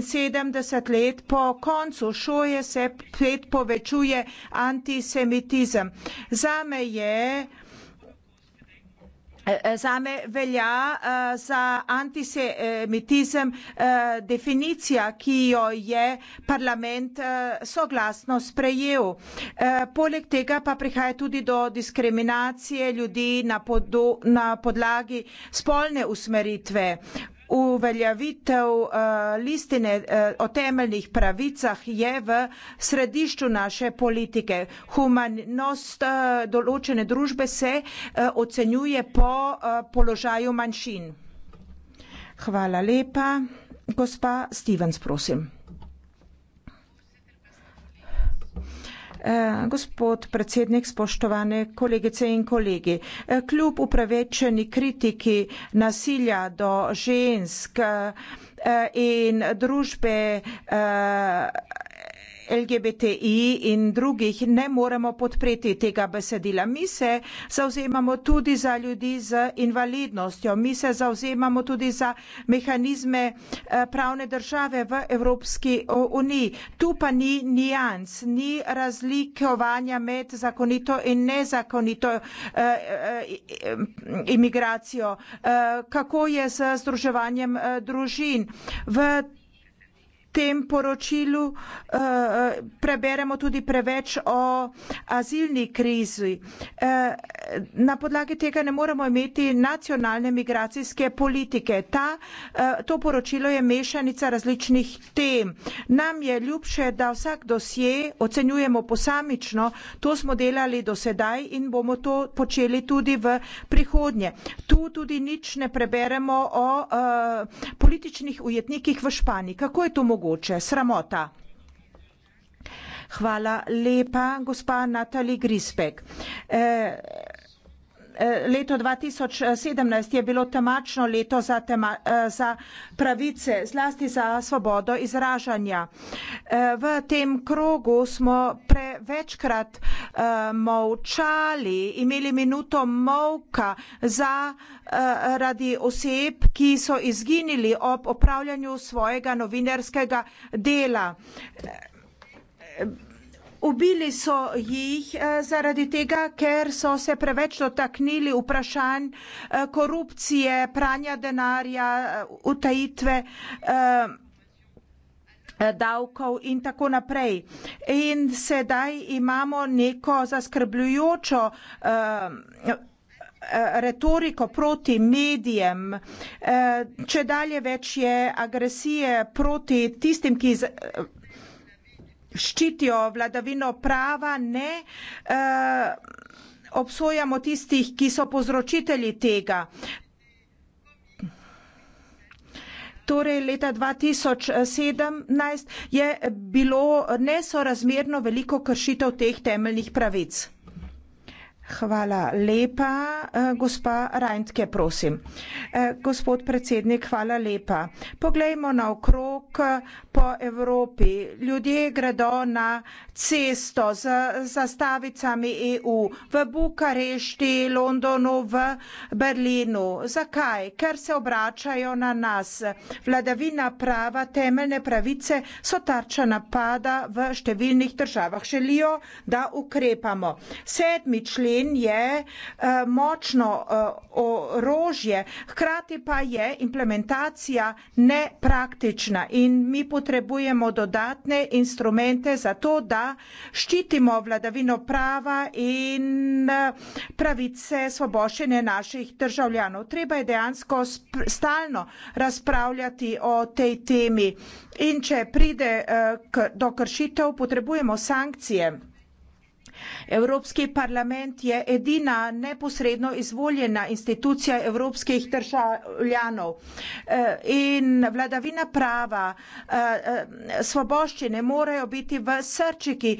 73 let po koncu šoje se pred povečuje antisemitizem. Zame je eh, Zame velja eh, za antisemitizem eh, definicija, ki jo je parlament soglasno sprejel. Poleg tega pa prihaja tudi do diskriminacije ljudi na podlagi spolne usmeritve uveljavitev eh, listine eh, o temeljnih pravicah je v središču naše politike. Humanost eh, določene družbe se ocenjuje po položaju manjšin. Hvala lepa. Gospa Stevens, prosim. Eh, gospod predsednik, spoštovane kolegice in kolegi, eh, kljub upravečeni kritiki nasilja do žensk eh, in družbe LGBTI in drugih ne moremo podpreti tega besedila. Mi se zauzemamo tudi za ljudi z invalidnostjo, mi se zauzemamo tudi za mehanizme eh, pravne države v Evropski uniji. Tu pa ni nijans, ni razlikovanja med zakonito in nezakonito eh, eh, imigracijo. Kako je z združevanjem družin? V tem poročilu eh, preberemo tudi preveč o azilni krizi. Eh, na podlagi tega ne moremo imeti nacionalne migracijske politike. Ta, eh, to poročilo je mešanica različnih tem. Nam je ljubše, da vsak dosje ocenjujemo posamično. To smo delali do sedaj in bomo to počeli tudi v prihodnje. Tu tudi nič ne preberemo o, o političnih ujetnikih v Španiji. Kako je to mogoče? mogoče sramota. Hvala lepa, gospa Natali Grispek. E, Eh, leto 2017 je bilo temačno leto za, tema, eh, za pravice, zlasti za svobodo izražanja. Eh, v tem krogu smo prevečkrat molčali, imeli minuto molka za, radi oseb, ki so izginili ob opravljanju svojega novinarskega dela. Ubili so jih eh, zaradi tega, ker so se preveč dotaknili vprašanj eh, korupcije, pranja denarja, eh, utajitve davkov in tako naprej. In sedaj imamo neko zaskrbljujočo retoriko proti medijem. Če dalje več je agresije proti tistim, ki ščitijo vladavino prava, ne eh, obsojamo tistih, ki so povzročitelji tega. Torej, leta 2017 je bilo nesorazmerno veliko kršitev teh temeljnih pravic. Hvala lepa. Eh, gospa Reintke, prosim. Eh, gospod predsednik, hvala lepa. Poglejmo naokrog eh, po Evropi. Ljudje gredo na cesto z zastavicami EU v Bukarešti, Londonu, v Berlinu. Zakaj? Ker se obračajo na nas. Vladavina prava, temeljne pravice so tarča napada v številnih državah. Želijo, da ukrepamo. Sedmi člen plen je eh, močno eh, orožje, hkrati pa je implementacija nepraktična in mi potrebujemo dodatne instrumente za to, da ščitimo vladavino prava in eh, pravice svoboščene naših državljanov. Treba je dejansko stalno razpravljati o tej temi. In če pride do kršitev, potrebujemo sankcije. Evropski parlament je edina neposredno izvoljena institucija evropskih državljanov e, in vladavina prava, e, e, svoboščine morajo biti v srčiki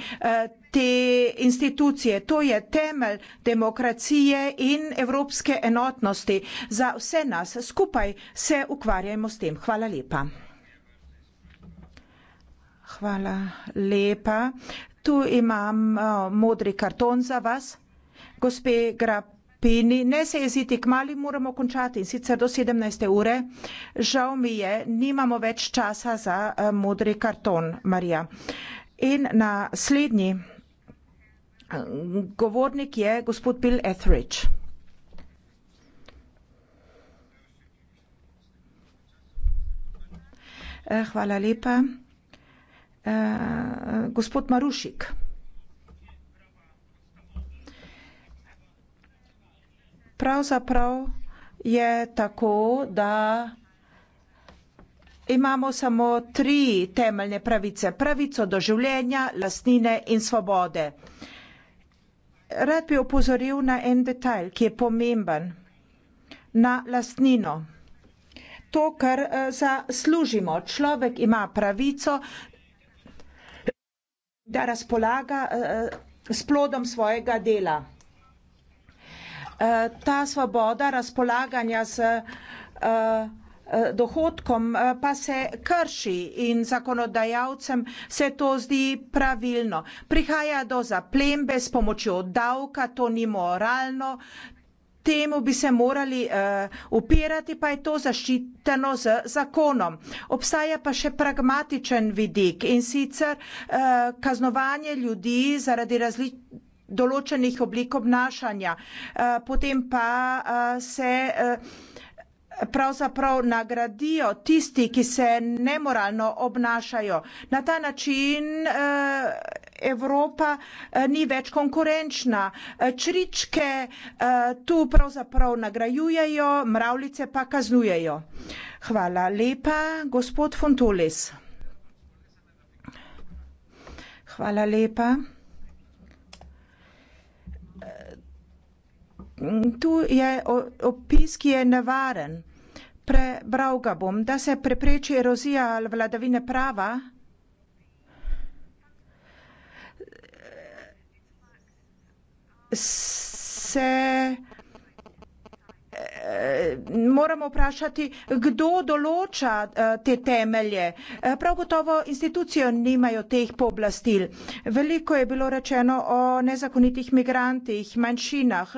te institucije. To je temelj demokracije in evropske enotnosti. Za vse nas skupaj se ukvarjajmo s tem. Hvala lepa. Hvala lepa tu imam uh, modri karton za vas. Gospe Grapini, ne se jeziti, kmali moramo končati in sicer do 17. ure. Žal mi je, nimamo več časa za uh, modri karton, Marija. In naslednji eh, govornik je gospod Bill Etheridge. Hvala lepa uh, gospod Marušik. Pravzaprav je tako, da imamo samo tri temeljne pravice. Pravico do življenja, lastnine in svobode. Rad bi opozoril na en detalj, ki je pomemben. Na lastnino. To, kar eh, zaslužimo. Človek ima pravico da razpolaga eh, eh, s plodom svojega dela. Eh, ta svoboda razpolaganja z dohodkom pa se krši in zakonodajalcem se to zdi pravilno. Prihaja do zaplembe s pomočjo davka, to ni moralno, temu bi se morali eh, upirati, pa je to zaščiteno z zakonom. Obstaja pa še pragmatičen vidik in sicer eh, kaznovanje ljudi zaradi različnih določenih oblik obnašanja, eh, potem pa se pravzaprav nagradijo tisti, ki se nemoralno obnašajo. Na ta način eh, Evropa eh, ni več konkurenčna. Eh, čričke tu pravzaprav nagrajujejo, mravljice pa kaznujejo. Hvala lepa, gospod Fontolis. Hvala lepa. Tu je opis, ki je nevaren prebral ga bom, da se prepreči erozija vladavine prava, se Eh, moramo vprašati, kdo določa eh, te temelje. Eh, prav gotovo institucije nimajo teh pooblastil. Veliko je bilo rečeno o nezakonitih migrantih, manjšinah.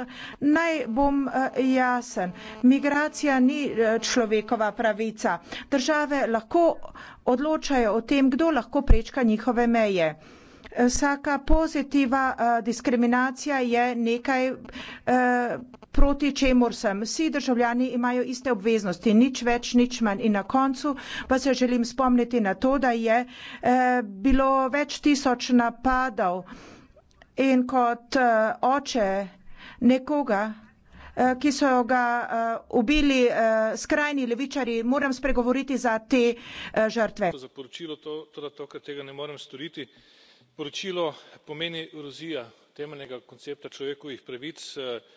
Naj bom jasen, migracija ni človekova pravica. Države lahko odločajo o tem, kdo lahko prečka njihove meje. Vsaka pozitiva diskriminacija je nekaj, proti čemur sem. Vsi državljani imajo iste obveznosti, nič več, nič manj. In na koncu pa se želim spomniti na to, da je eh, bilo več tisoč napadov in kot eh, oče nekoga, eh, ki so ga eh, ubili eh, skrajni levičari, moram spregovoriti za te eh, žrtve. To za poročilo, to, to, to, ker tega ne morem storiti. Poročilo pomeni erozija temeljnega koncepta človekovih pravic. Eh,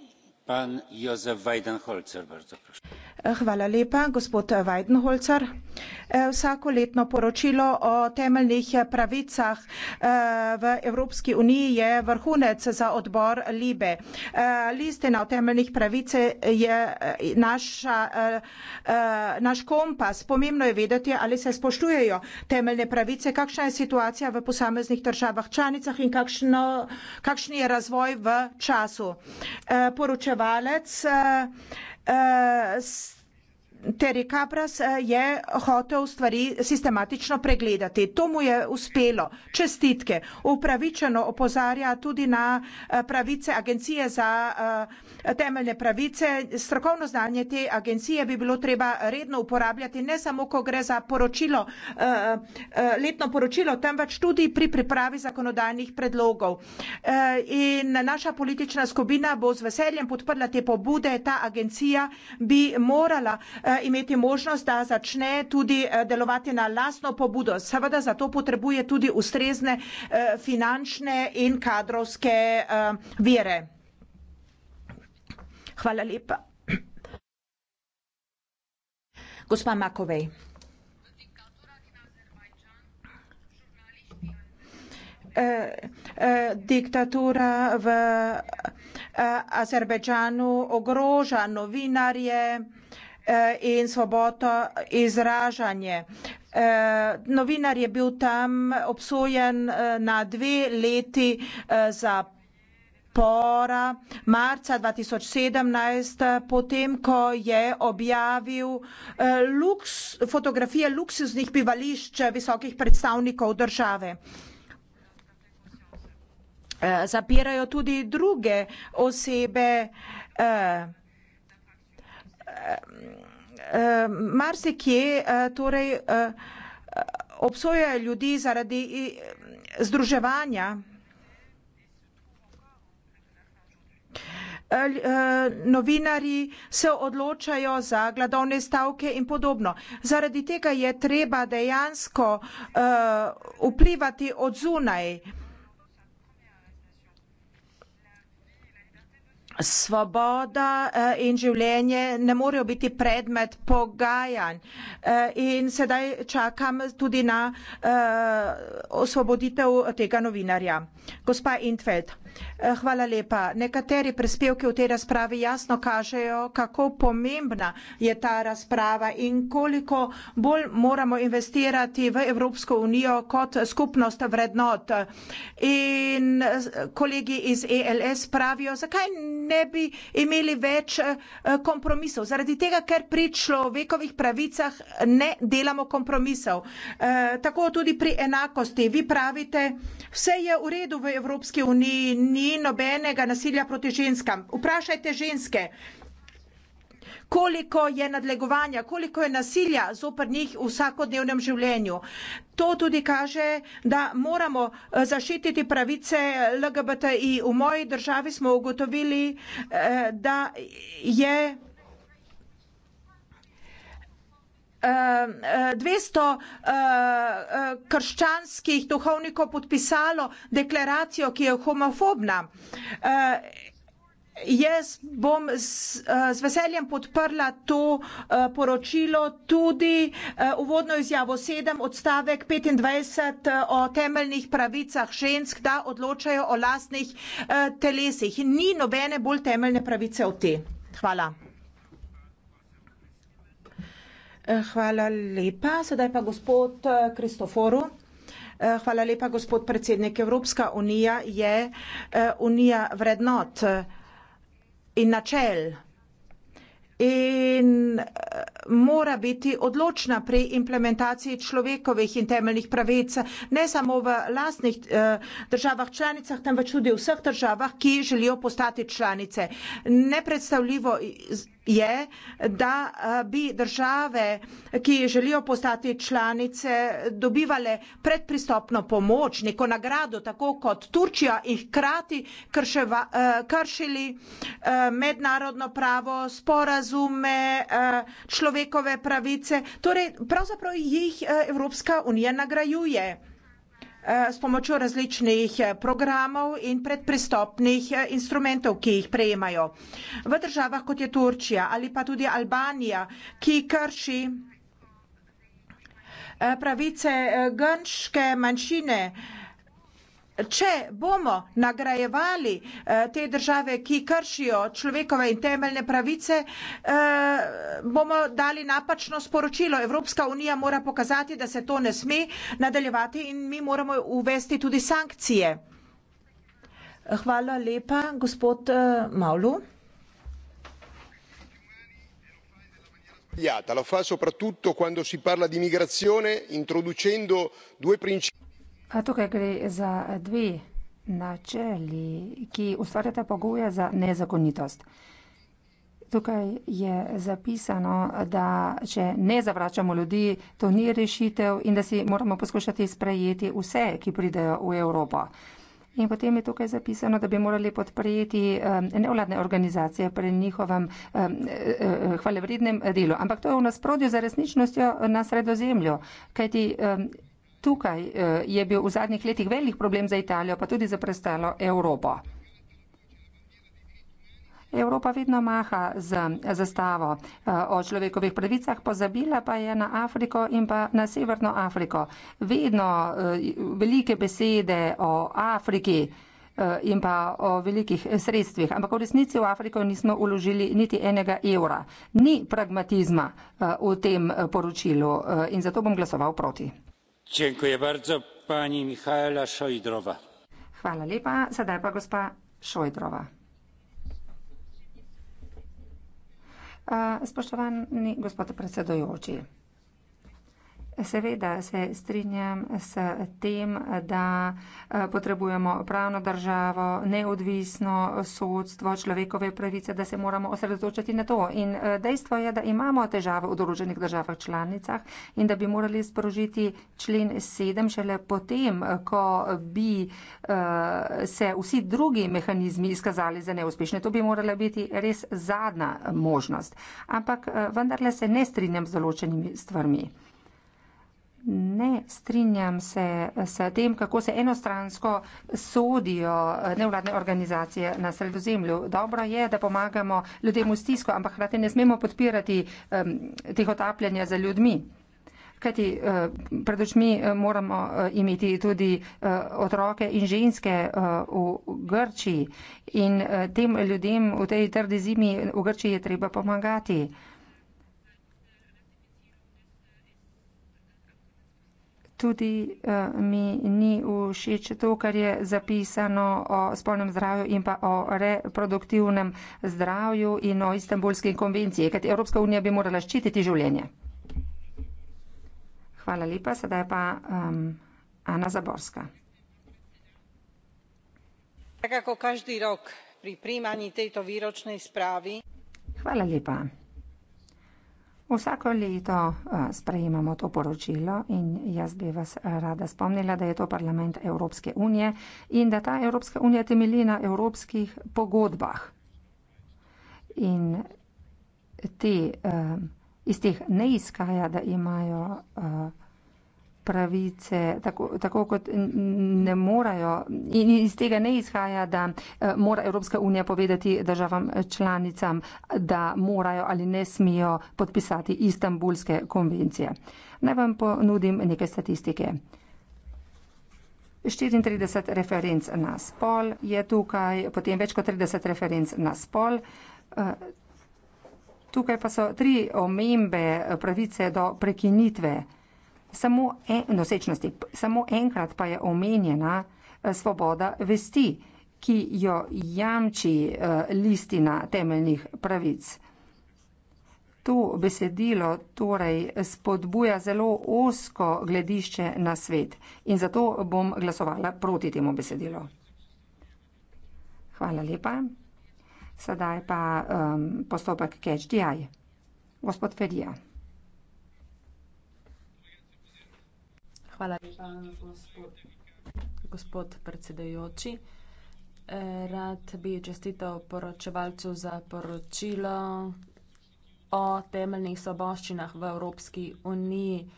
E, hvala lepa, gospod Weidenholzer. E, vsakoletno poročilo o temeljnih pravicah e, v Evropski uniji je vrhunec za odbor Libe. Listina o temeljnih pravice je naša, naš kompas. Pomembno je vedeti, ali se spoštujejo temeljne pravice, kakšna je situacija v posameznih državah članicah in kakšno, kakšen je razvoj v času. Poročilo poročevalec, uh, uh, Terry Capras eh, je hotel stvari sistematično pregledati. To mu je uspelo. Čestitke. Upravičeno opozarja tudi na eh, pravice Agencije za eh, temeljne pravice. Strokovno znanje te agencije bi bilo treba redno uporabljati, ne samo, ko gre za poročilo, letno poročilo, temveč tudi pri pripravi zakonodajnih predlogov. In naša politična skupina bo z veseljem podprla te pobude. Ta agencija bi morala Eh, imeti možnost, da začne tudi eh, delovati na lasno pobudo. Seveda za to potrebuje tudi ustrezne eh, finančne in kadrovske vire. Hvala lepa. Gospa Makovej. Diktatura v Azerbejdžanu ogroža novinarje, Eh, in svoboto izražanje. Eh, novinar je bil tam obsojen eh, na dve leti za pora marca 2017, potem ko je objavil luks, fotografije luksuznih bivališč visokih predstavnikov države. Zapirajo tudi druge osebe uh, marsikje uh, torej, uh, obsojajo ljudi zaradi uh, združevanja. novinari se odločajo za gladovne stavke in podobno. Zaradi tega je treba dejansko uh, vplivati od zunaj. Uh, Svoboda eh, in življenje ne morejo biti predmet pogajanj. Eh, in sedaj čakam tudi na eh, osvoboditev tega novinarja. Gospa Intved. Eh, hvala lepa. Nekateri prispevki v tej razpravi jasno kažejo, kako pomembna je ta razprava in koliko bolj moramo investirati v Evropsko unijo kot skupnost vrednot. In eh, kolegi iz ELS pravijo, zakaj ne bi imeli več eh, kompromisov? Zaradi tega, ker pri človekovih pravicah ne delamo kompromisov. Tako tudi pri enakosti. Vi pravite, vse je v redu v Evropski uniji, ni nobenega nasilja proti ženskam. Vprašajte ženske, koliko je nadlegovanja, koliko je nasilja zoper njih v vsakodnevnem življenju. To tudi kaže, da moramo eh, zaščititi pravice LGBTI. V moji državi smo ugotovili, eh, da je. 200 eh, eh, eh, krščanskih duhovnikov podpisalo deklaracijo, ki je homofobna. Jaz bom z, z veseljem podprla to poročilo, tudi uvodno izjavo 7 odstavek 25 o temeljnih pravicah žensk, da odločajo o lastnih telesih. Ni nobene bolj temeljne pravice od te. Hvala. Eh, hvala lepa. Sedaj pa gospod eh, Kristoforu. Eh, hvala lepa, gospod predsednik. Evropska unija je unija vrednot in načel. In mora biti odločna pri implementaciji človekovih in temeljnih pravic, ne samo v lastnih eh, državah članicah, temveč tudi v vseh državah, ki želijo postati članice. Nepredstavljivo je, da eh, bi države, ki želijo postati članice, dobivale predpristopno pomoč, neko nagrado, tako kot Turčija in hkrati eh, kršili mednarodno pravo, sporazume, človekovih človekove pravice. Torej, pravzaprav jih eh, Evropska unija nagrajuje eh, s pomočjo različnih eh, programov in predpristopnih instrumentov, ki jih prejemajo. V državah, kot je Turčija ali pa tudi Albanija, ki krši pravice grške manjšine, če bomo nagrajevali eh, te države, ki kršijo človekove in temeljne pravice, eh, bomo dali napačno sporočilo. Evropska unija mora pokazati, da se to ne sme nadaljevati in mi moramo uvesti tudi sankcije. Hvala lepa, gospod eh, Mavlu. Ja, ta lo fa soprattutto quando si parla di migrazione introducendo due principi tukaj gre za dve načeli, ki ustvarjata pogoje za nezakonitost. Tukaj je zapisano, da če ne zavračamo ljudi, to ni rešitev in da si moramo poskušati sprejeti vse, ki pridejo v Evropo. In potem je tukaj zapisano, da bi morali podprejeti um, nevladne organizacije pri njihovem um, e, e, e, hvalevrednem delu. Ampak to je v nasprotju za resničnostjo na sredozemlju, kajti um, tukaj eh, je bil v zadnjih letih velik problem za Italijo, pa tudi za prestalo Evropo. Evropa vedno maha z eh, zastavo eh, o človekovih pravicah, pozabila pa je na Afriko in pa na Severno Afriko. Vedno velike besede o Afriki in pa o velikih sredstvih. Ampak v resnici v Afriko nismo uložili niti enega evra. Ni pragmatizma v tem poročilu in zato bom glasoval proti. Hvala lepa. Sedaj pa gospa Šojdrova. spoštovani gospod predsedujoči. Seveda se strinjam s tem, da eh, potrebujemo pravno državo, neodvisno sodstvo, človekove pravice, da se moramo osredotočiti na to. In eh, dejstvo je, da imamo težave v določenih državah članicah in da bi morali sprožiti člen 7 šele potem, ko bi eh, se vsi drugi mehanizmi izkazali za neuspešne. To bi morala biti res zadnja možnost. Ampak vendarle se ne strinjam z določenimi stvarmi. Ne strinjam se s tem, kako se enostransko sodijo nevladne organizacije na sredozemlju. Dobro je, da pomagamo ljudem v stisko, ampak hkrati ne smemo podpirati um, teh otapljanja za ljudmi. Kajti eh, pred očmi eh, moramo eh, imeti tudi otroke in ženske v Grčiji in tem ljudem v tej trdi zimi v Grčiji je treba pomagati. tudi eh, mi ni všeč to, kar je zapisano o spolnem zdravju in pa o reproduktivnem zdravju in o Istanbulski konvenciji, kajti Evropska unija bi morala ščititi življenje. Hvala lepa, sedaj pa Ana Zaborska. Hvala lepa. Vsako leto eh, sprejemamo to poročilo in jaz bi vas rada spomnila, da je to parlament Evropske unije in da ta Evropska unija temelji na evropskih pogodbah. In te, eh, iz teh ne izkaja, da imajo eh, pravice, tako, tako kot ne morajo. In iz tega ne izhaja, da eh, mora Evropska unija povedati državam članicam, da morajo ali ne smijo podpisati istambulske konvencije. Naj vam ponudim neke statistike. 34 referenc na spol je tukaj, potem več kot 30 referenc na spol. Eh, tukaj pa so tri omembe pravice do prekinitve samo, en, nosečnosti, samo enkrat pa je omenjena eh, svoboda vesti, ki jo jamči eh, listina temeljnih pravic. To besedilo torej spodbuja zelo osko gledišče na svet in zato bom glasovala proti temu besedilu. Hvala lepa. Sedaj pa um, postopek catch the eye. Gospod Ferija. Hvala lepa, gospod, gospod predsedajoči. Eh, rad bi čestitev poročevalcu za poročilo o temeljnih soboščinah v Evropski uniji.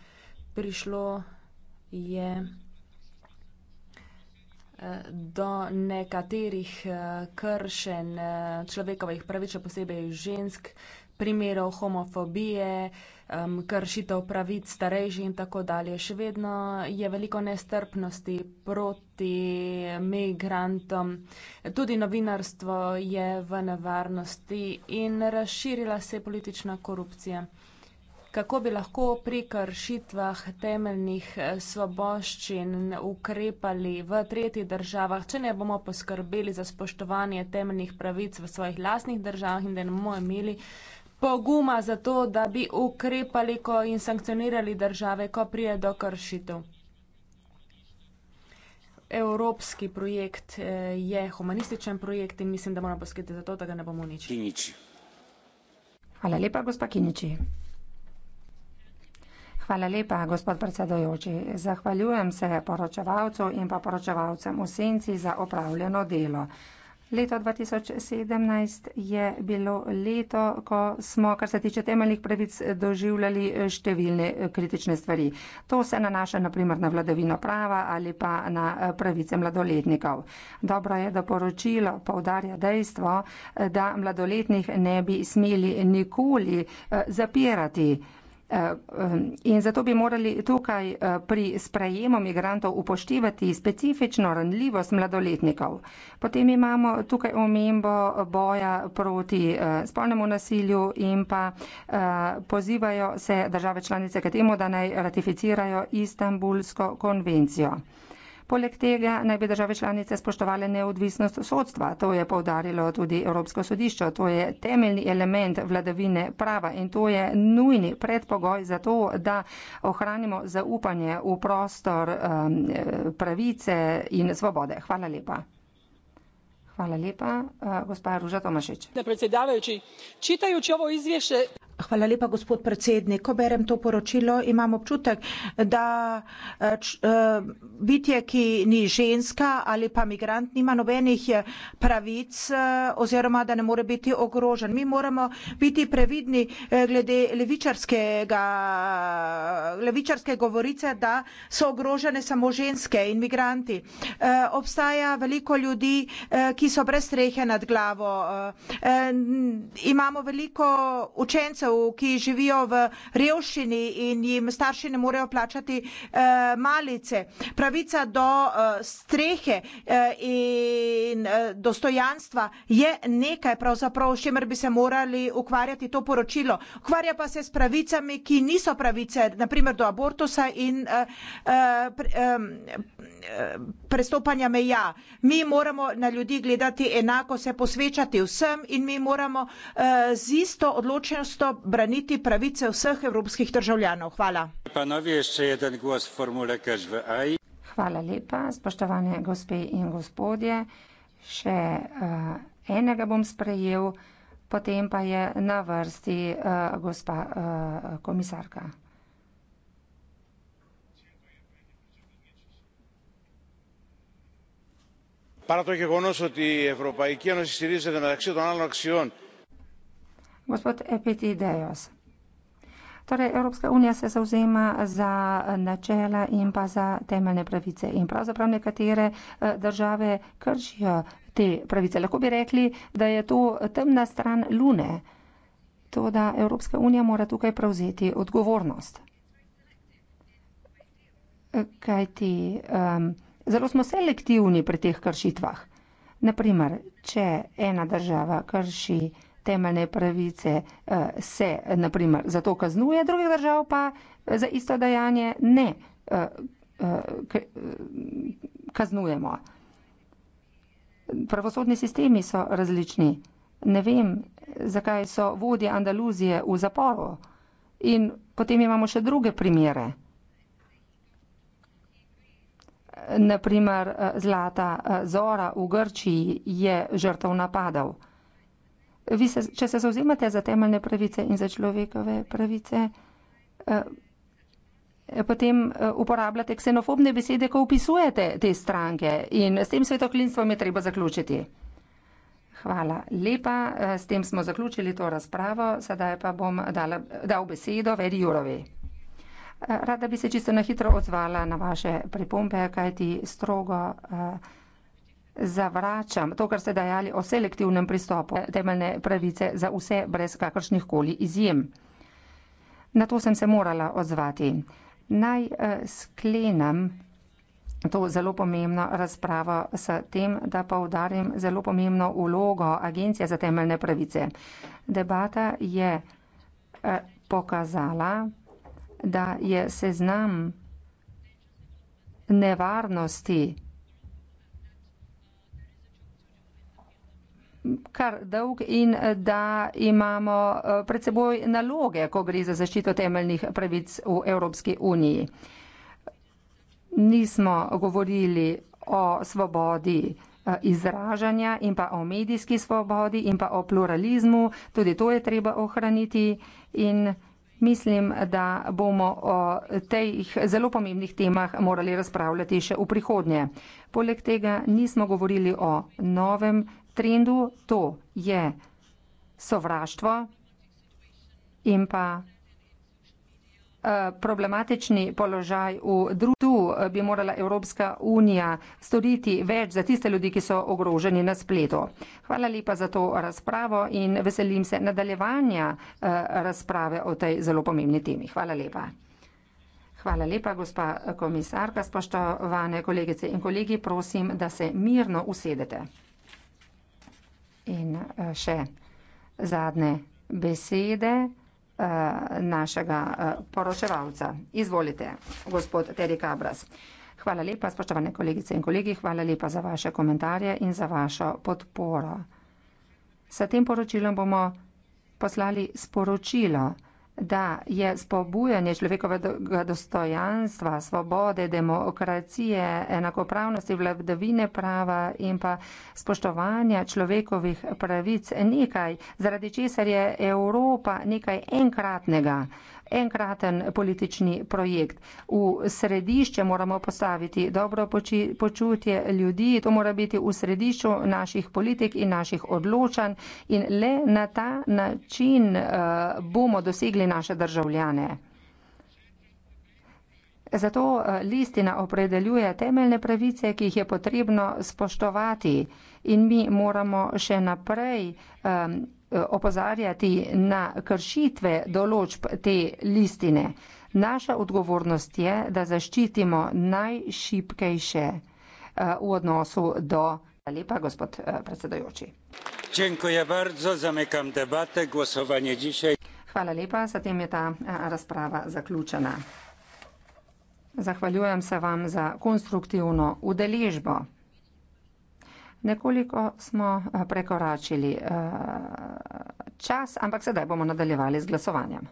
Prišlo je eh, do nekaterih eh, kršenj človekovih pravic, še posebej žensk primerov homofobije, um, kršitev pravic starejših in tako dalje. Še vedno je veliko nestrpnosti proti migrantom. Tudi novinarstvo je v nevarnosti in razširila se politična korupcija. Kako bi lahko pri kršitvah temeljnih eh, svoboščin ukrepali v tretjih državah, če ne bomo poskrbeli za spoštovanje temeljnih pravic v svojih lasnih državah in da ne bomo imeli poguma za to, da bi ukrepali ko in sankcionirali države, ko prije do kršitev. Evropski projekt eh, je humanističen projekt in mislim, da moramo poskrbeti za to, da ga ne bomo uničili. Kiniči. Hvala lepa, gospa Kiniči. Hvala lepa, gospod predsedojoči. Zahvaljujem se poročevalcu in pa poročevalcem v senci za opravljeno delo. Leto 2017 je bilo leto, ko smo, kar se tiče temeljnih pravic, doživljali številne kritične stvari. To se nanaša naprimer na vladavino prava ali pa na pravice mladoletnikov. Dobro je, da poročilo povdarja dejstvo, da mladoletnih ne bi smeli nikoli eh, zapirati. Eh, ehm, in zato bi morali tukaj eh, pri sprejemu migrantov upoštevati specifično ranljivost mladoletnikov. Potem imamo tukaj omembo boja proti eh, spolnemu nasilju in pa pozivajo se države članice k temu, da naj ratificirajo Istanbulsko konvencijo. Poleg tega naj bi države članice spoštovale neodvisnost sodstva. To je povdarilo tudi Evropsko sodišče. To je temeljni element vladavine prava in to je nujni predpogoj za to, da ohranimo zaupanje v prostor um, pravice in svobode. Hvala lepa. Hvala lepa, uh, gospa Ruža Tomašič. Hvala lepa, gospod predsednik. Ko berem to poročilo, imam občutek, da eh, č, eh, bitje, ki ni ženska ali pa migrant, nima nobenih eh, pravic oziroma da ne more biti ogrožen. Mi moramo biti previdni glede levičarske govorice, da so ogrožene samo ženske in migranti. Obstaja veliko ljudi, ki so brez strehe nad glavo. Imamo veliko učencev, otrokov, ki živijo v revščini in jim starši ne morejo plačati eh, malice. Pravica do eh, strehe eh, in eh, dostojanstva je nekaj, pravzaprav, s čimer bi se morali ukvarjati to poročilo. Ukvarja pa se s pravicami, ki niso pravice, naprimer do abortusa in eh, eh, pre, eh, eh, prestopanja meja. Mi moramo na ljudi gledati enako, se posvečati vsem in mi moramo eh, z isto odločenostjo braniti pravice vseh evropskih državljanov. Hvala. Hvala lepa, spoštovane gospe in gospodje. Še uh, enega bom sprejel, potem pa je na vrsti uh, gospa uh, komisarka. Para το γεγονό ότι η Ευρωπαϊκή Ένωση στηρίζεται μεταξύ των άλλων αξιών Gospod Epitideos. Torej, Evropska unija se zauzema za načela in pa za temeljne pravice. In pravzaprav nekatere eh, države kršijo te pravice. Lahko bi rekli, da je to temna stran lune. To, da Evropska unija mora tukaj prevzeti odgovornost. Eh, Kaj ti? Um, ehm, zelo smo selektivni pri teh kršitvah. Naprimer, če ena država krši temeljne pravice eh, se naprimer zato kaznuje, druge držav pa eh, za isto dejanje ne eh, kaznujemo. Pravosodni sistemi so različni. Ne vem, zakaj so vodje Andaluzije v zaporu. In potem imamo še druge primere. Naprimer, zlata Zora v Grčiji je žrtav napadal vi se, če se zauzemate za temeljne pravice in za človekove pravice, eh, eh, potem eh, uporabljate ksenofobne besede, ko upisujete te stranke in s tem svetoklinstvom je treba zaključiti. Hvala lepa, s tem smo zaključili to razpravo, sedaj pa bom dala, dal besedo Veri Jurovi. Rada bi se čisto na hitro odzvala na vaše pripombe, kajti strogo uh, zavračam to, kar ste dajali o selektivnem pristopu temeljne pravice za vse brez kakršnih koli izjem. Na to sem se morala odzvati. Naj eh, sklenem to zelo pomembno razpravo s tem, da pa udarim zelo pomembno ulogo Agencije za temeljne pravice. Debata je eh, pokazala, da je seznam nevarnosti kar dolg in eh, da imamo eh, pred seboj naloge, ko gre za zaščito temeljnih pravic v Evropski uniji. Nismo govorili o svobodi eh, izražanja in pa o medijski svobodi in pa o pluralizmu, tudi to je treba ohraniti in mislim, da bomo o teh zelo pomembnih temah morali razpravljati še v prihodnje. Poleg tega nismo govorili o novem trendu, to je sovraštvo in pa eh, problematični položaj v drugi. Tu eh, bi morala Evropska unija storiti več za tiste ljudi, ki so ogroženi na spletu. Hvala lepa za to razpravo in veselim se nadaljevanja eh, razprave o tej zelo pomembni temi. Hvala lepa. Hvala lepa, gospa komisarka, spoštovane kolegice in kolegi, prosim, da se mirno usedete. In eh, še zadnje besede eh, našega eh, poročevalca. Izvolite, gospod Teri Kabras. Hvala lepa, spoštovane kolegice in kolegi, hvala lepa za vaše komentarje in za vašo podporo. S tem poročilom bomo poslali sporočilo, da je spobujanje človekovega dostojanstva, svobode, demokracije, enakopravnosti, vladavine prava in pa spoštovanja človekovih pravic nekaj, zaradi česar je Evropa nekaj enkratnega enkraten politični projekt. V središče moramo postaviti dobro počutje ljudi, to mora biti v središču naših politik in naših odločanj in le na ta način eh, bomo dosegli naše državljane. Zato eh, listina opredeljuje temeljne pravice, ki jih je potrebno spoštovati in mi moramo še naprej um, opozarjati na kršitve določb te listine. Naša odgovornost je, da zaščitimo najšipkejše eh, v odnosu do. Hvala lepa, gospod eh, predsedojoči. Bardzo, debate, Hvala lepa, s tem je ta eh, razprava zaključena. Zahvaljujem se vam za konstruktivno udeležbo. Nekoliko smo eh, prekoračili eh, čas, ampak sedaj bomo nadaljevali z glasovanjem.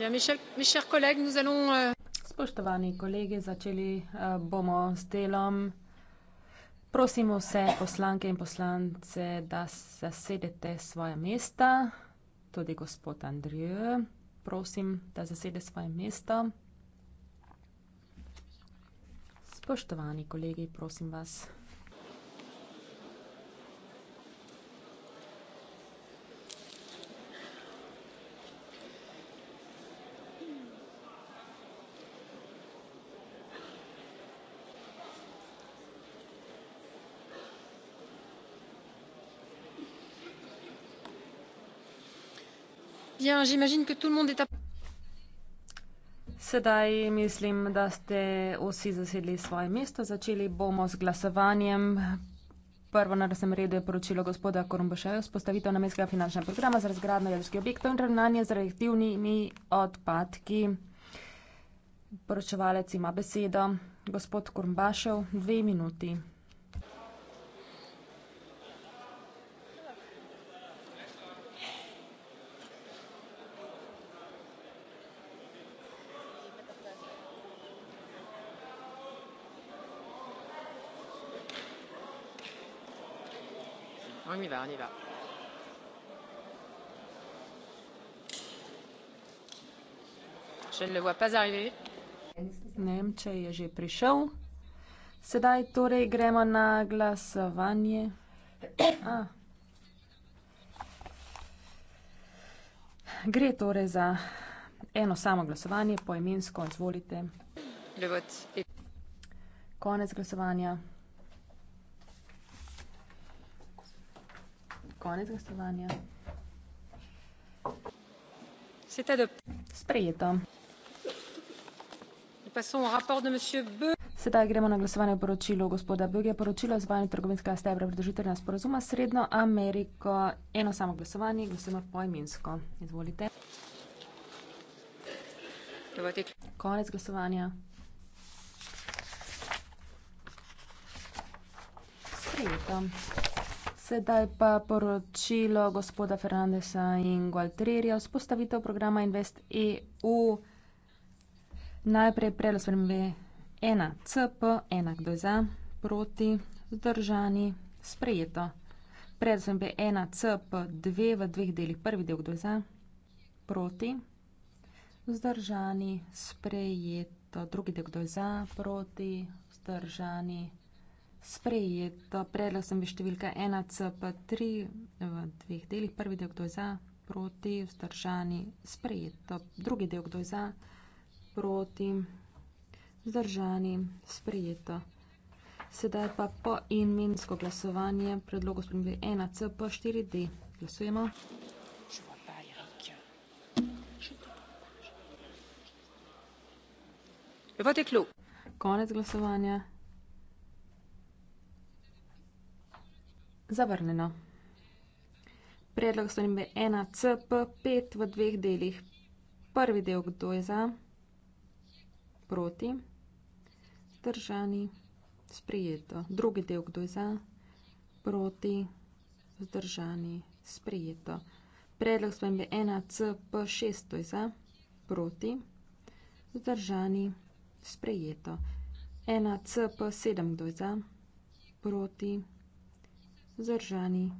Eh euh, Spoštovani kolegi, začeli eh, bomo z delom. Prosim vse poslanke in poslance, da zasedete svoje mesta, tudi gospod Andrej, prosim, da zasede svoje mesto. Spoštovani kolegi, prosim vas. quotidien. J'imagine que tout le monde est à... Sedaj mislim, da ste vsi zasedli svoje mesto. Začeli bomo z glasovanjem. Prvo na resem redu je poročilo gospoda Korumbaševa s postavitev namenskega finančnega programa za razgradno jedrskih objektov in ravnanje z reaktivnimi odpadki. Poročevalec ima besedo. Gospod Korumbašev, dve minuti. va on y va je ne le vois pas arriver Nemče je že prišel. Sedaj torej gremo na glasovanje. A. Gre torej za eno samo glasovanje, poemensko, izvolite. Konec glasovanja. Konec glasovanja. Sprejeto. Sedaj gremo na glasovanje o poročilu gospoda Böge. Poročilo o izvajanju trgovinskega stebra predložitelja sporozuma Srednjo Ameriko. Eno samo glasovanje, glasujemo poimensko. Izvolite. Konec glasovanja. Sprejeto. Sedaj pa poročilo gospoda Fernandesa in Gualtrerija o spostavitev programa Invest EU. Najprej prelo spremembe 1. CP, enak do za, proti, zdržani, sprejeto. Prelo spremembe 1. CP, 2 v dveh delih. Prvi del do za, proti, zdržani, sprejeto. Drugi del do za, proti, zdržani, sprejeto sprejeto. Predlog sem bil številka 1CP3 v dveh delih. Prvi del, kdo je za, proti, vzdržani, sprejeto. Drugi del, kdo je za, proti, vzdržani, sprejeto. Sedaj pa po imensko glasovanje predlogo spremljali 1CP4D. Glasujemo. Konec glasovanja. Zavrnjeno. Predlog stvarnjbe 1 CP5 v dveh delih. Prvi del, kdo je za? Proti. Zdržani. Sprijeto. Drugi del, kdo je za? Proti. Zdržani. Sprijeto. Predlog stvarnjbe 1 CP6, to je za? Proti. Zdržani. Sprijeto. 1 CP7, kdo je za? Proti. Zdržani vzdržani.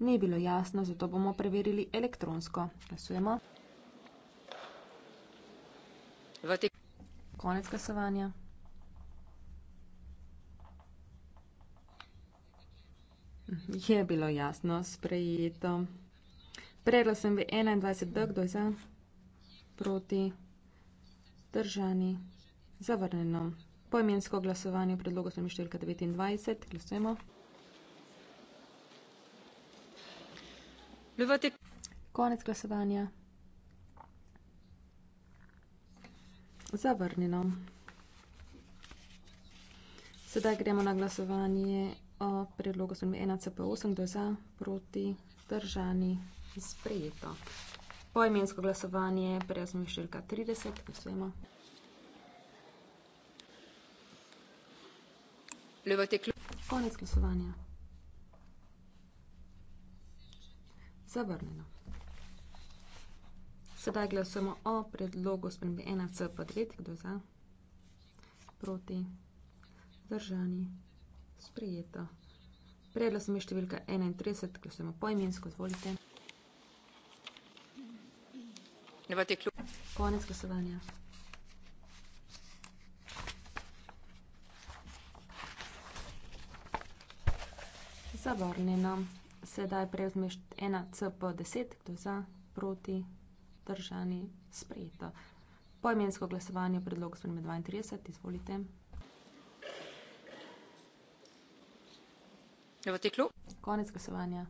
Ni bilo jasno, zato bomo preverili elektronsko. Glasujemo. Konec glasovanja. Je bilo jasno, sprejeto. Predlog sem v 21 dg, kdo je za? Proti. Držani. Zavrneno. Poimensko glasovanje v predlogu sem iz številka 29. Glasujemo. Glasujemo. Konec glasovanja. Zavrnjeno. Sedaj gremo na glasovanje o predlogu spremembe 1CP8, kdo je za, proti, držani, sprejeto. Poimensko glasovanje, preosmi številka 30, glasujemo. Konec glasovanja. zavrnjeno. Sedaj glasujemo o predlogu spremembe 1C pod 9, kdo za, proti, zdržani, sprijeto. Predlog sem je številka 31, glasujemo poimensko, izvolite. Konec glasovanja. Zavrnjeno sedaj prevzmeš ena cp10, kdo za, proti, držani, sprejeto. Poimensko glasovanje, predlog spremembe 32, izvolite. Je v teklu? Konec glasovanja.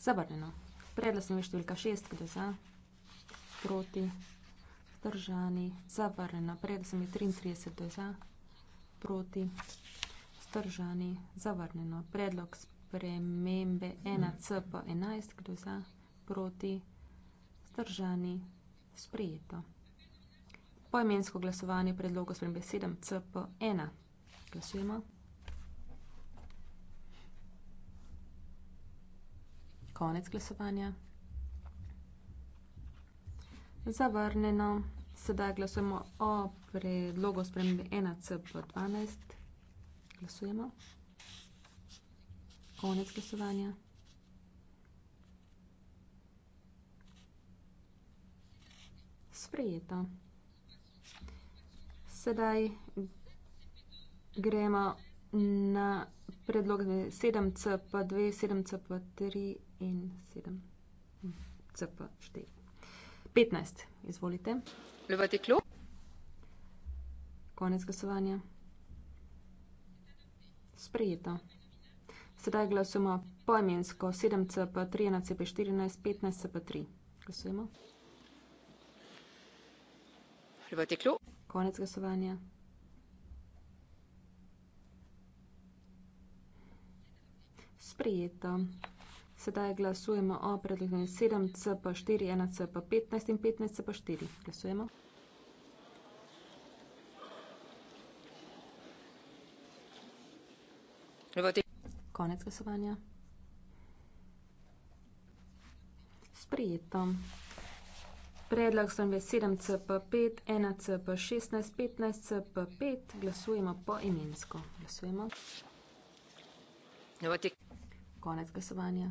Zabrneno. Predlog sem številka 6, kdo za, proti, držani, zavrnjeno. Predlog sem je 33, kdo za, proti, držani vzdržani, zavrnjeno. Predlog spremembe 1CP11, kdo za, proti, vzdržani, sprejeto. Poimensko glasovanje predlogo spremembe 7CP1. Glasujemo. Konec glasovanja. Zavrnjeno. Sedaj glasujemo o predlogu spremembe 1CP12. Glasujemo. Konec glasovanja. Sprejeta. Sedaj gremo na predlog 7C, pa 2, 7C, pa 3 in 7. CP4. 15. Izvolite. Levati klop. Konec glasovanja sprejeta. Sedaj glasujemo poimensko 7CP13, CP14, 15CP3. Glasujemo. Konec glasovanja. Sprijeto. Sedaj glasujemo o predlogu 7CP41CP15 in 15CP4. Glasujemo. Konec glasovanja. Sprejeto. Predlog sem je 7CP5, 1CP16, 15CP5. Glasujemo po imensko. Glasujemo. Konec glasovanja.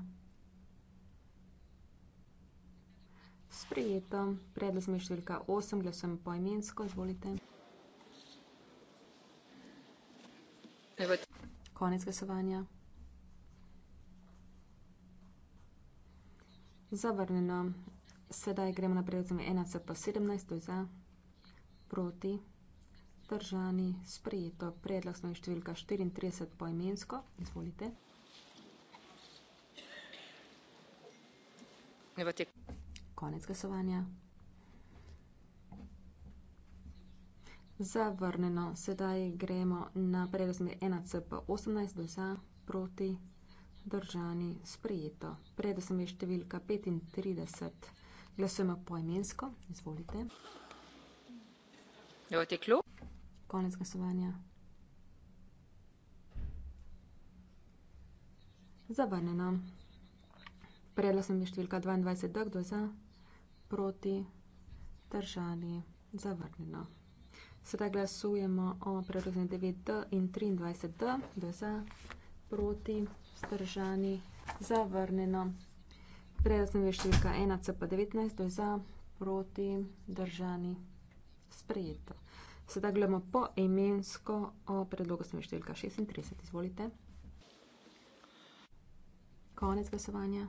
Sprejeto. Predlog sem je številka 8. Glasujemo po imensko. Zvolite. Zvolite. Konec glasovanja. Zavrnjeno. Sedaj gremo naprej z 1CP17, to je za, proti, držani, sprejeto, predlog smo je številka 34 poimensko, izvolite. Konec glasovanja. Zavrnjeno. Sedaj gremo na predrazmer 1CP18 do za, proti, držani, sprejeto. Predrazmer številka 35. Glasujemo poemensko. Izvolite. Je oteklo? Konec glasovanja. Zavrnjeno. Predrazmer številka 22. Kdo je za, proti, držani, zavrnjeno. Sedaj glasujemo o predlogu 9D in 23D, da za, proti, vzdržani, zavrnjeno. Predlog je številka 1, CP19, da za, proti, vzdržani, sprejeto. Sedaj glasujemo poemensko o predlogu številka 36, izvolite. Konec glasovanja.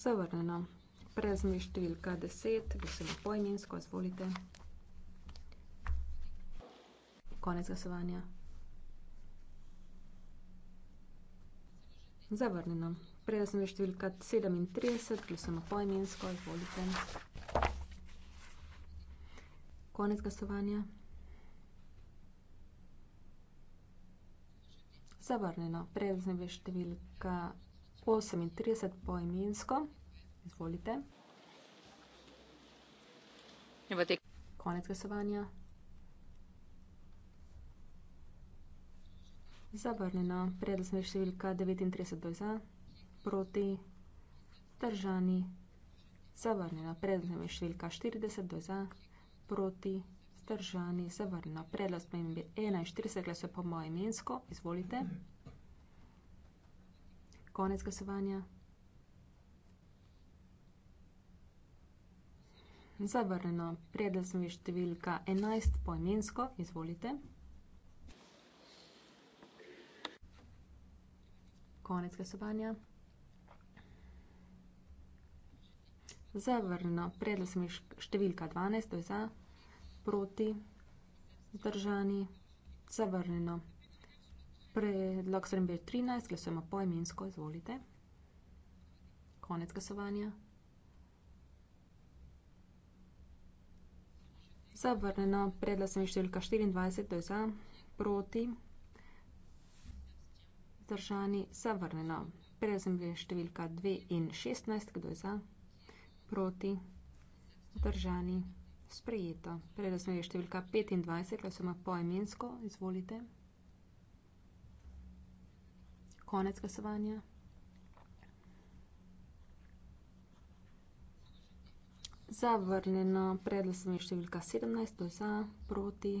Zavrnjeno prezni številka 10, glasujemo poimensko, izvolite. Konec glasovanja. Zavrnjeno. Prezni številka 37, glasujemo poimensko, izvolite. Konec glasovanja. Zavrnjeno. Prezni številka 38, poimensko, izvolite izvolite konec glasovanja zavrnjeno predlog sem številka devetintrideset dvajset za proti vzdržani zavrnjeno predlog sem številka štirideset dvajset za proti vzdržani zavrnjeno predlog spremembe enainštirideset glasuje poimensko izvolite konec glasovanja Zavrnjeno. Prijedel sem vi številka 11 po imensko. Izvolite. Konec glasovanja. Zavrnjeno. Prijedel sem vi številka 12, to je za, proti, zdržani, zavrnjeno. Predlog 7.13, glasujemo po imensko. Izvolite. Konec glasovanja. Zavrnjeno. Predla sem številka 24, to je za. Proti. Zdržani. Zavrnjeno. Predla sem številka 2 in 16, kdo je za. Proti. Zdržani. Sprejeto. Predla sem številka 25, kdo se ima poemensko. Izvolite. Konec glasovanja. Konec glasovanja. Zavrnjeno. Predlog sem je številka 17, to je za, proti,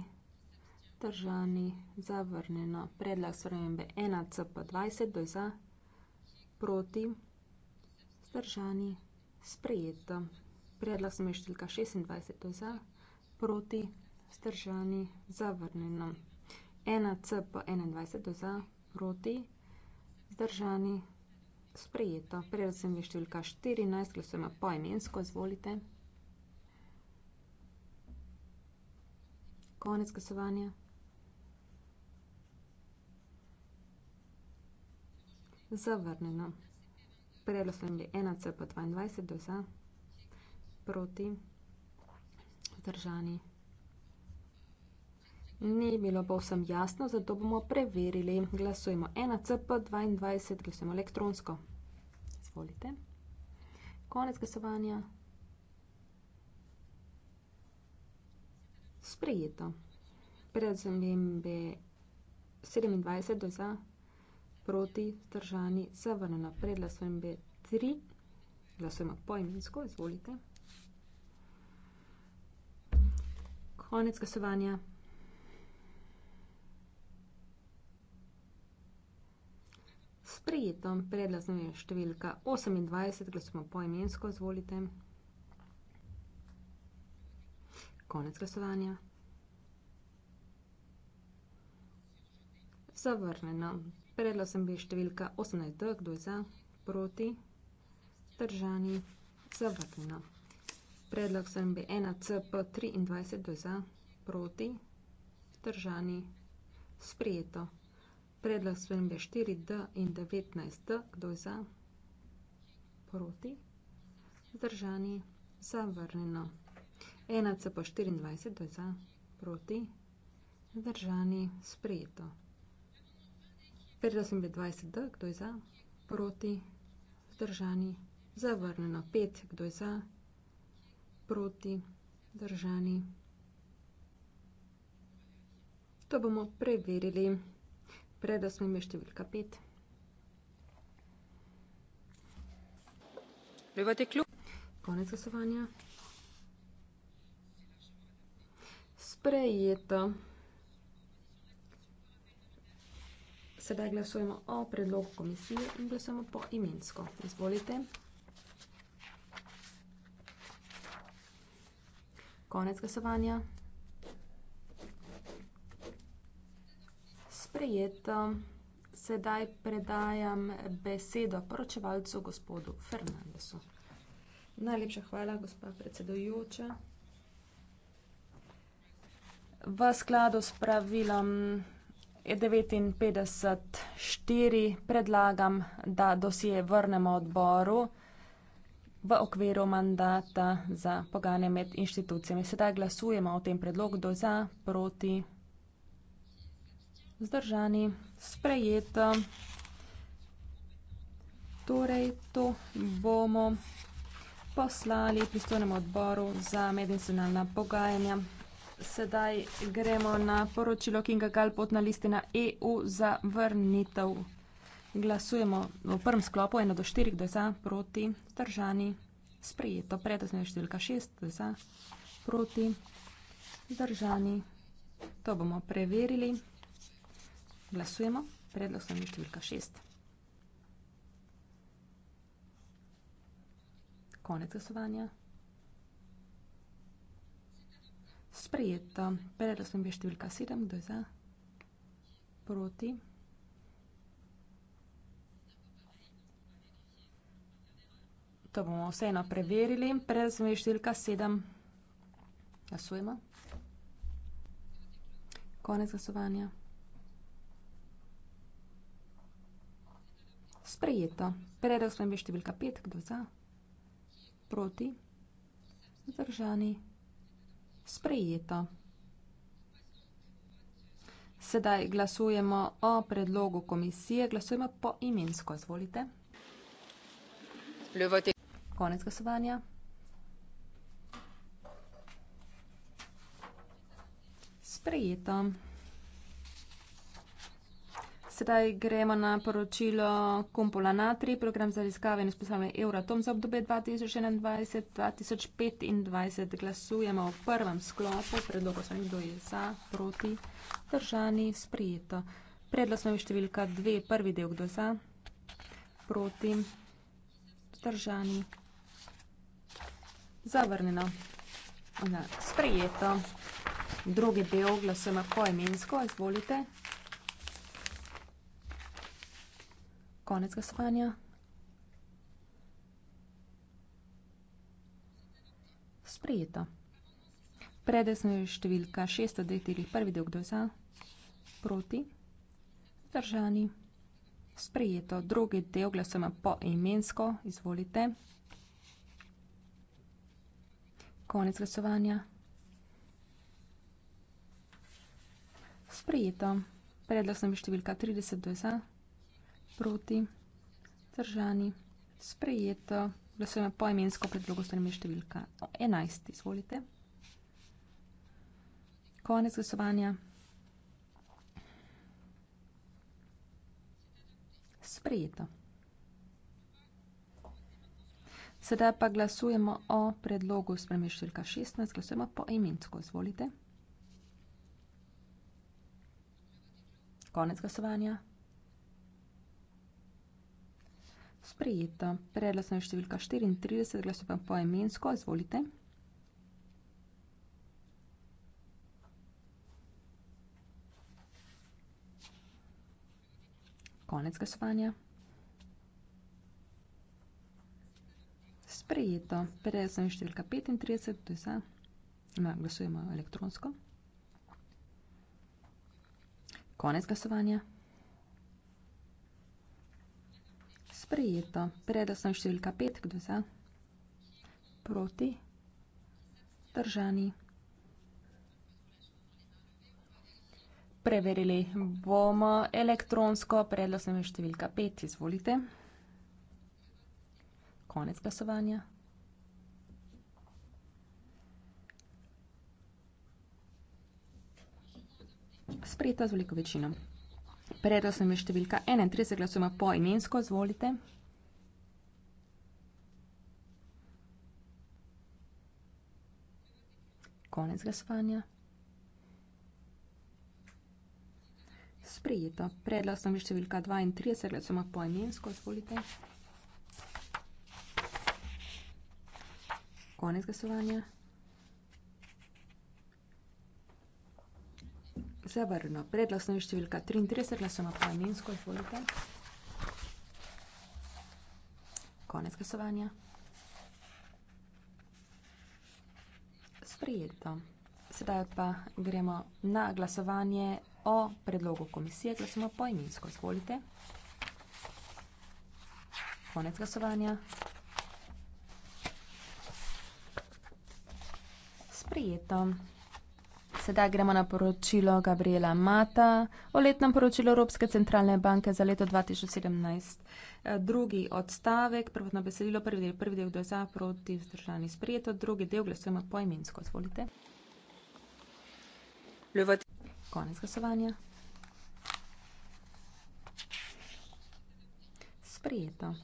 držani, zavrnjeno. Predlog spremembe 1CP20, to je za, proti, zdržani, sprejeto. Predlog sem je številka 26, to je za, proti, zdržani, zavrnjeno. 1CP21, to je za, proti, zdržani, sprejeto. Predlog sem je številka 14, glasujemo poimensko, izvolite. Zdravljeno. Konec glasovanja. Zavrnjeno. Predlog sem bil 1C pa 22 do za. Proti. Zdržani. Ni bilo pa vsem jasno, zato bomo preverili. Glasujemo 1C pa 22, glasujemo elektronsko. Zvolite. Konec glasovanja. sprejeto. Pred zamembe 27 do za, proti, zdržani, zavrneno. Pred glasujembe 3, glasujemo pojmensko, izvolite. Konec glasovanja. Sprejeto, predlazno je številka 28, glasujemo pojmensko, izvolite. Konec glasovanja. Zavrneno. Predlog sem bil številka 18D, kdo je za, proti, držani, zavrneno. Predlog sem bil 1CP23, kdo je za, proti, držani, sprijeto. Predlog sem bil 4D in 19D, kdo je za, proti, držani, zavrneno. 1 c pa 24, to je za proti, zdržani, sprejeto. 58 je 20 d, kdo je za, proti, zdržani, zavrneno. 5, kdo je za, proti, zdržani. To bomo preverili. Preda smo imeli številka 5. Konec glasovanja. sprejeto. Sedaj glasujemo o predlogu komisije in glasujemo po imensko. Izvolite. Konec glasovanja. Sprejeto. Sedaj predajam besedo poročevalcu gospodu Fernandesu. Najlepša hvala, gospa predsedujoča v skladu s pravilom 59.4 predlagam, da dosije vrnemo odboru v okviru mandata za pogajanje med inštitucijami. Sedaj glasujemo o tem predlogu, kdo za, proti, zdržani, sprejeto. Torej, to bomo poslali pristojnemu odboru za medinstitucionalna pogajanja sedaj gremo na poročilo Kinga Kalpotna listina EU za vrnitev. Glasujemo v prvem sklopu 1 do 4, kdo je za, proti, držani, sprejeto. Predostne številka 6, kdo je za, proti, držani. To bomo preverili. Glasujemo. Predlog sem številka 6. Konec glasovanja. sprejeta. Predala sem bi številka 7, kdo je za? Proti. To bomo vseeno preverili. Predala sem bi številka 7. Glasujemo. Konec glasovanja. Sprejeta. Predala sem bi številka 5, kdo je za? Proti. Zdržani sprejeta. Sedaj glasujemo o predlogu komisije. Glasujemo po imensko. Zvolite. Ljubote. Konec glasovanja. Sprejeta. Sedaj gremo na poročilo Kompola Natri, program za raziskave in usposabljanje Euratom za obdobje 2021-2025. Glasujemo v prvem sklopu, predlog osnovnih kdo je za, proti, držani, sprijeto. Predlog smo številka dve, prvi del kdo je za, proti, držani, zavrnjeno. Na sprejeto. Drugi del glasujemo poimensko. Izvolite. konec glasovanja. Sprejeto. Predesna je številka 609, tudi prvi del, kdo je za, proti, zdržani. Sprejeto. Drugi del glasujemo po imensko, izvolite. Konec glasovanja. Sprejeto. Predlog sem številka 30 do 20 proti, držani, sprejeto. Glasujemo poimensko predlogo stranje številka 11. Izvolite. Konec glasovanja. Sprejeto. Sedaj pa glasujemo o predlogu spremlje številka 16. Glasujemo po imensko. Zvolite. Konec glasovanja. Sprejeta. Predla sem številka 34, glasujem po imensko, izvolite. Konec glasovanja. Sprejeto. Predla sem številka 35, to je za. Ma, glasujemo elektronsko. Konec glasovanja. sprejeto. Predal sem številka 5, kdo za? Proti. Držani. Preverili bomo elektronsko. Predal sem številka 5, izvolite. Konec glasovanja. Sprejeto z veliko večino. Predlog sem je številka 31, glasujemo po imensko, zvolite. Konec glasovanja. Sprejeto. Predlog sem je številka 32, glasujemo po imensko, zvolite. Konec glasovanja. zavrnjeno. Predlog snovi številka 33, glasovanje pa je minsko, izvolite. Konec glasovanja. Sprejeto. Sedaj pa gremo na glasovanje o predlogu komisije. Glasujemo poimensko. Izvolite. Konec glasovanja. Sprejeto. Sedaj gremo na poročilo Gabriela Mata o letnem poročilu Evropske centralne banke za leto 2017. Eh, drugi odstavek, prvotno besedilo, prvi del, prvi del, kdo je za, proti, vzdržani, sprijeto, drugi del, glasujemo poimensko, izvolite. Ljubati. Konec glasovanja. Sprijeto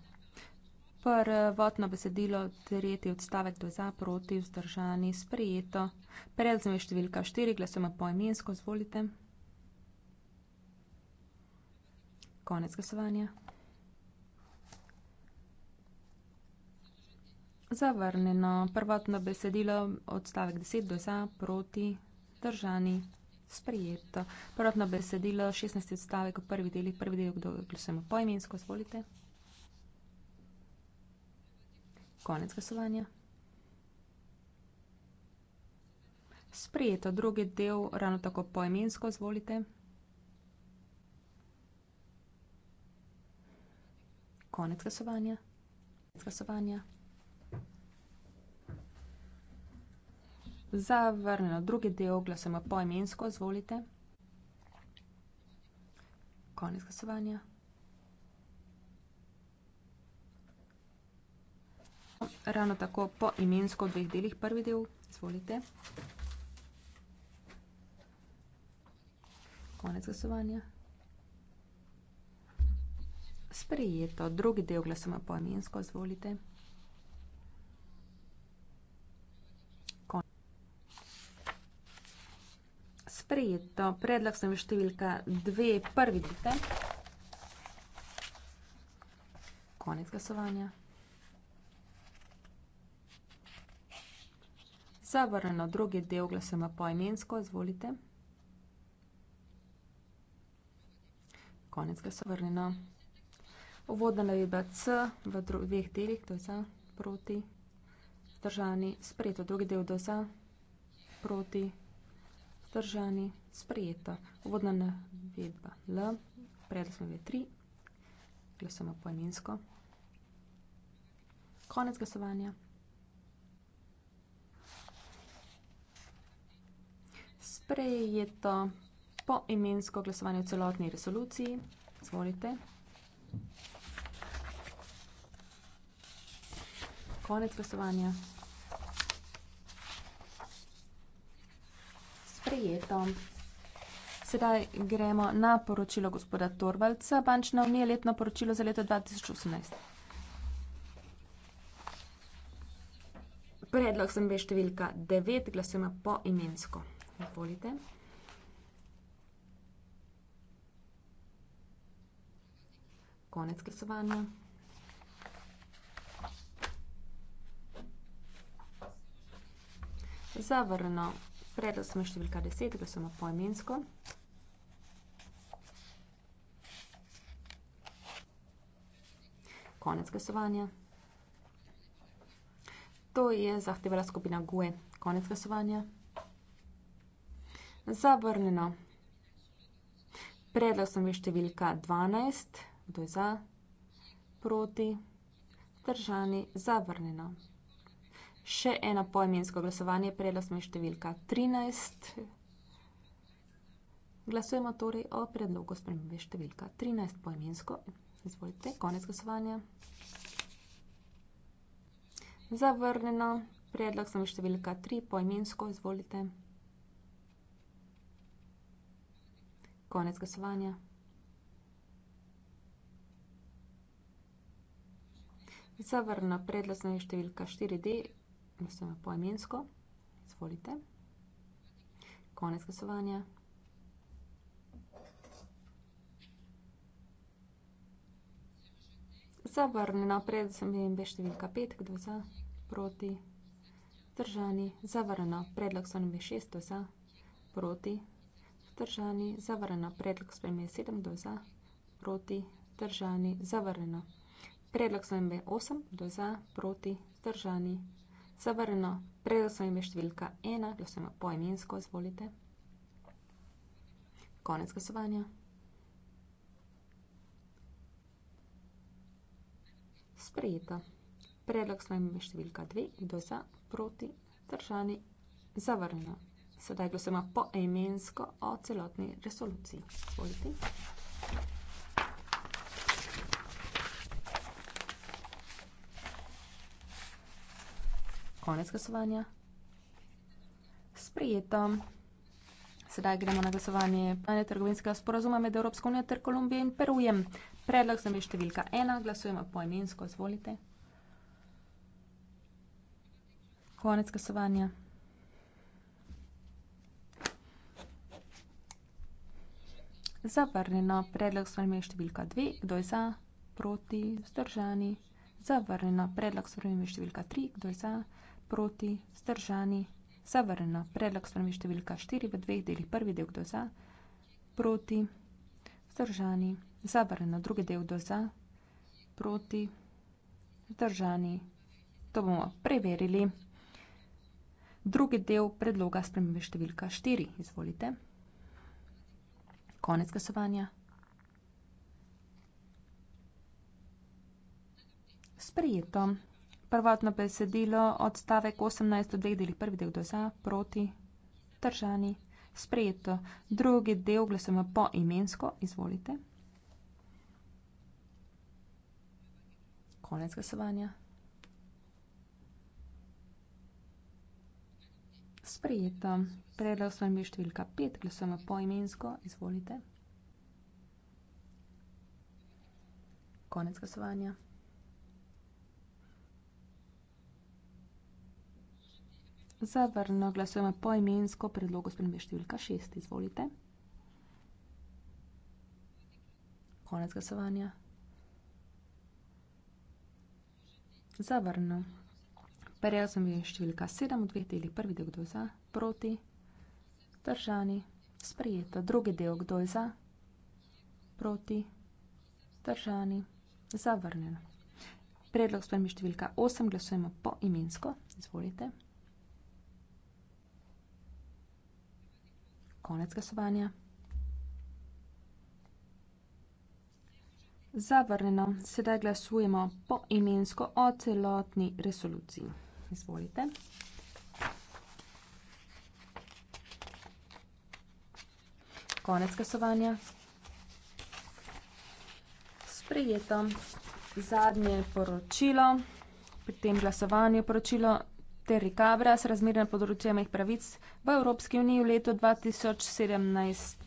prvotno eh, besedilo, tretji odstavek do za, proti, vzdržani, sprejeto. Prelazimo je številka štiri, glasujemo poimensko, zvolite. Konec glasovanja. Zavrnjeno. Prvotno besedilo odstavek 10 do za, proti, držani, sprejeto. Prvotno besedilo 16 odstavek v prvi delih, prvi delih, kdo glasujemo poimensko, zvolite. Konec glasovanja. Sprejeto drugi del, ravno tako poemensko, zvolite. Konec glasovanja. Konec glasovanja. Zavrnjeno drugi del, glasujemo poemensko, zvolite. Konec glasovanja. Ravno tako po imensko v dveh delih prvi del. Izvolite. Konec glasovanja. Sprejeto. Drugi del glasujemo po imensko. Izvolite. Prijeto. Predlog sem je številka dve, prvi dite. Konec glasovanja. Zavrnjeno drugi del glasujemo poimensko, izvolite. Konec glasovrnjeno. Uvodna navedba C v dveh delih, to je za, proti, vzdržani, sprejeto. Drugi del do za, proti, vzdržani, sprejeto. Uvodna navedba L, predlog smo ve tri, glasujemo poimensko. Konec glasovanja. sprejeto po imensko glasovanje v celotni resoluciji. Zvolite. Konec glasovanja. Sprejeto. Sedaj gremo na poročilo gospoda Torvalca, bančna unija, letno poročilo za leto 2018. Predlog sem ve številka 9, glasujemo po imensko. Izvolite. Konec glasovanja. Zavrno. Predlog smo številka 10, glasujemo poimensko. Konec glasovanja. To je zahtevala skupina GUE. Konec glasovanja. Zavrnjeno. Predlog sem je številka 12, kdo je za, proti, držani, zavrnjeno. Še eno poimensko glasovanje, predlog sem je številka 13. Glasujemo torej o predlogu spremembe številka 13 poimensko. Izvolite, konec glasovanja. Zavrnjeno, predlog sem je številka 3 poimensko, izvolite. Konec glasovanja. Zavr na predlasna je številka 4D, glasujemo poimensko. Zvolite. Konec glasovanja. Zavr na predlasna je številka 5, kdo za, proti, držani. Zavr na predlasna je 6, kdo za, proti, držani. Držani zavrnjeno. Predlog spremlje 7 do za, proti držani zavrnjeno. Predlog spremlje 8 do za, proti držani zavrnjeno. Predlog spremlje številka 1, glasujemo poimensko, izvolite. Konec glasovanja. Sprejeto. Predlog spremlje številka 2, kdo za, proti držani zavrnjeno sedaj glasujemo poemensko o celotni resoluciji. Izvolite. Konec glasovanja. Sprijeto. Sedaj gremo na glasovanje plane trgovinskega sporazuma med Evropsko unijo ter Kolumbijo in Perujem. Predlog sem je številka ena, glasujemo poemensko, izvolite. Konec glasovanja. zavrnjeno. Predlog spremembe številka 2, kdo je za, proti, vzdržani. Zavrnjeno. Predlog spremembe številka 3, kdo je za, proti, vzdržani. Zavrnjeno. Predlog spremembe številka 4 v dveh delih, prvi del kdo je za, proti, vzdržani. Zavrnjeno. Drugi del kdo je za, proti, vzdržani. To bomo preverili. Drugi del predloga spremembe številka 4, izvolite. Konec glasovanja. Sprijeto. Prvotno besedilo odstavek 18 od dveh deli. Prvi del do za, proti, držani. Sprijeto. Drugi del glasujemo po imensko. Izvolite. Konec glasovanja. Sprijeto. Predlog s vami je številka 5, glasujemo poimensko, izvolite. Konec glasovanja. Zavrno glasujemo poimensko, predlogo s vami je številka 6, izvolite. Konec glasovanja. Zavrno. Prejel sem jim številka 7 v dveh delih. Prvi del, kdo je za, proti, držani, sprijeto. Drugi del, kdo je za, proti, držani, zavrnjen. Predlog spremi številka 8, glasujemo po imensko. Izvolite. Konec glasovanja. Zavrneno, sedaj glasujemo po imensko o celotni resoluciji. Izvolite. Konec glasovanja. Sprejeto. Zadnje poročilo. Pri tem glasovanju poročilo Terry Cabra s razmerjem področja mojih pravic v Evropski uniji v letu 2017.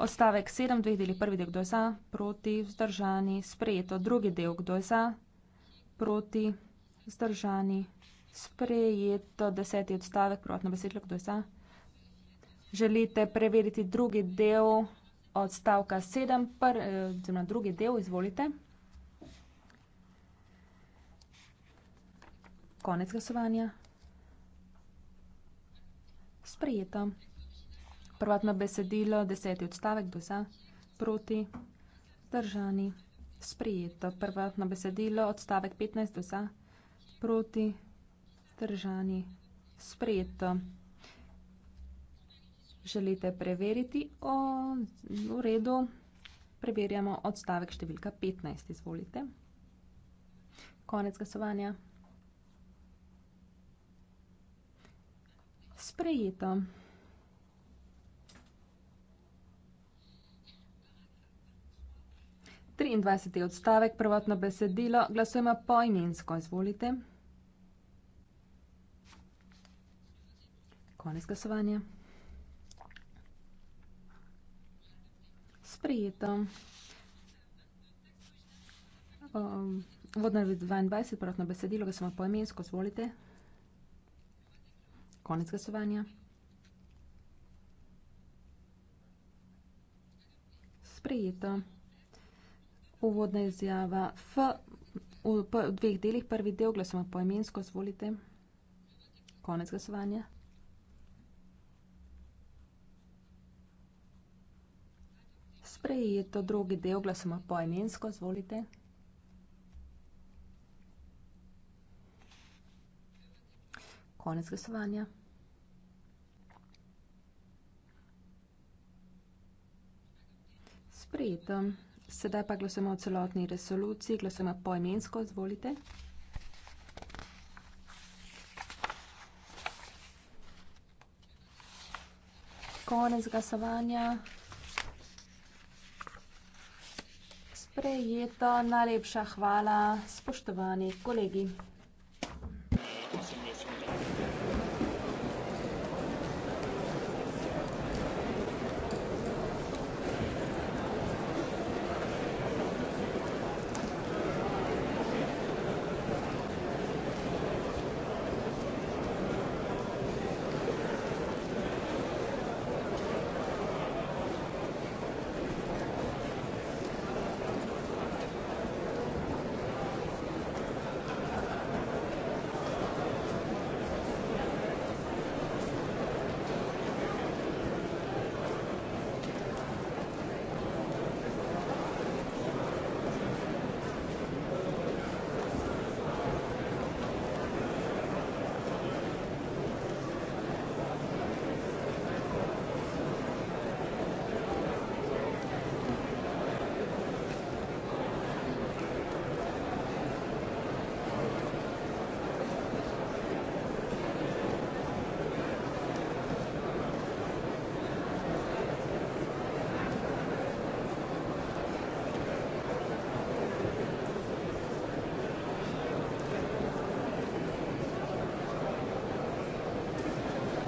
Ostavek 7, dveh deli. Prvi del, kdo je za, proti, vzdržani, sprejeto. Drugi del, kdo je za, proti, vzdržani sprejeto deseti odstavek, prvotno besedilo, kdo je za. Želite preveriti drugi del odstavka sedem, eh, oziroma drugi del, izvolite. Konec glasovanja. Sprejeto. Prvotno besedilo, deseti odstavek, kdo je za, proti, držani. Sprejeto. Prvotno besedilo, odstavek 15, kdo je za, proti, držani držani. Sprejeto. Želite preveriti? O, v redu. Preverjamo odstavek številka 15. Izvolite. Konec glasovanja. Sprejeto. Triindvajseti odstavek, prvotno besedilo, glasujemo poimensko, izvolite. Konec glasovanja. Sprejeto. Um, Vodno je 22, prvotno besedilo, ga samo poimensko, zvolite. Konec glasovanja. Sprejeto. Uvodna izjava F v dveh delih, prvi del glasoma poimensko, zvolite. Konec glasovanja. sprejeto. Drugi del glasoma poemensko, zvolite. Konec glasovanja. Sprejeto. Sedaj pa glasujemo o celotni resoluciji. Glasujemo poemensko, zvolite. Konec glasovanja. sprejeto. Najlepša hvala, spoštovani kolegi.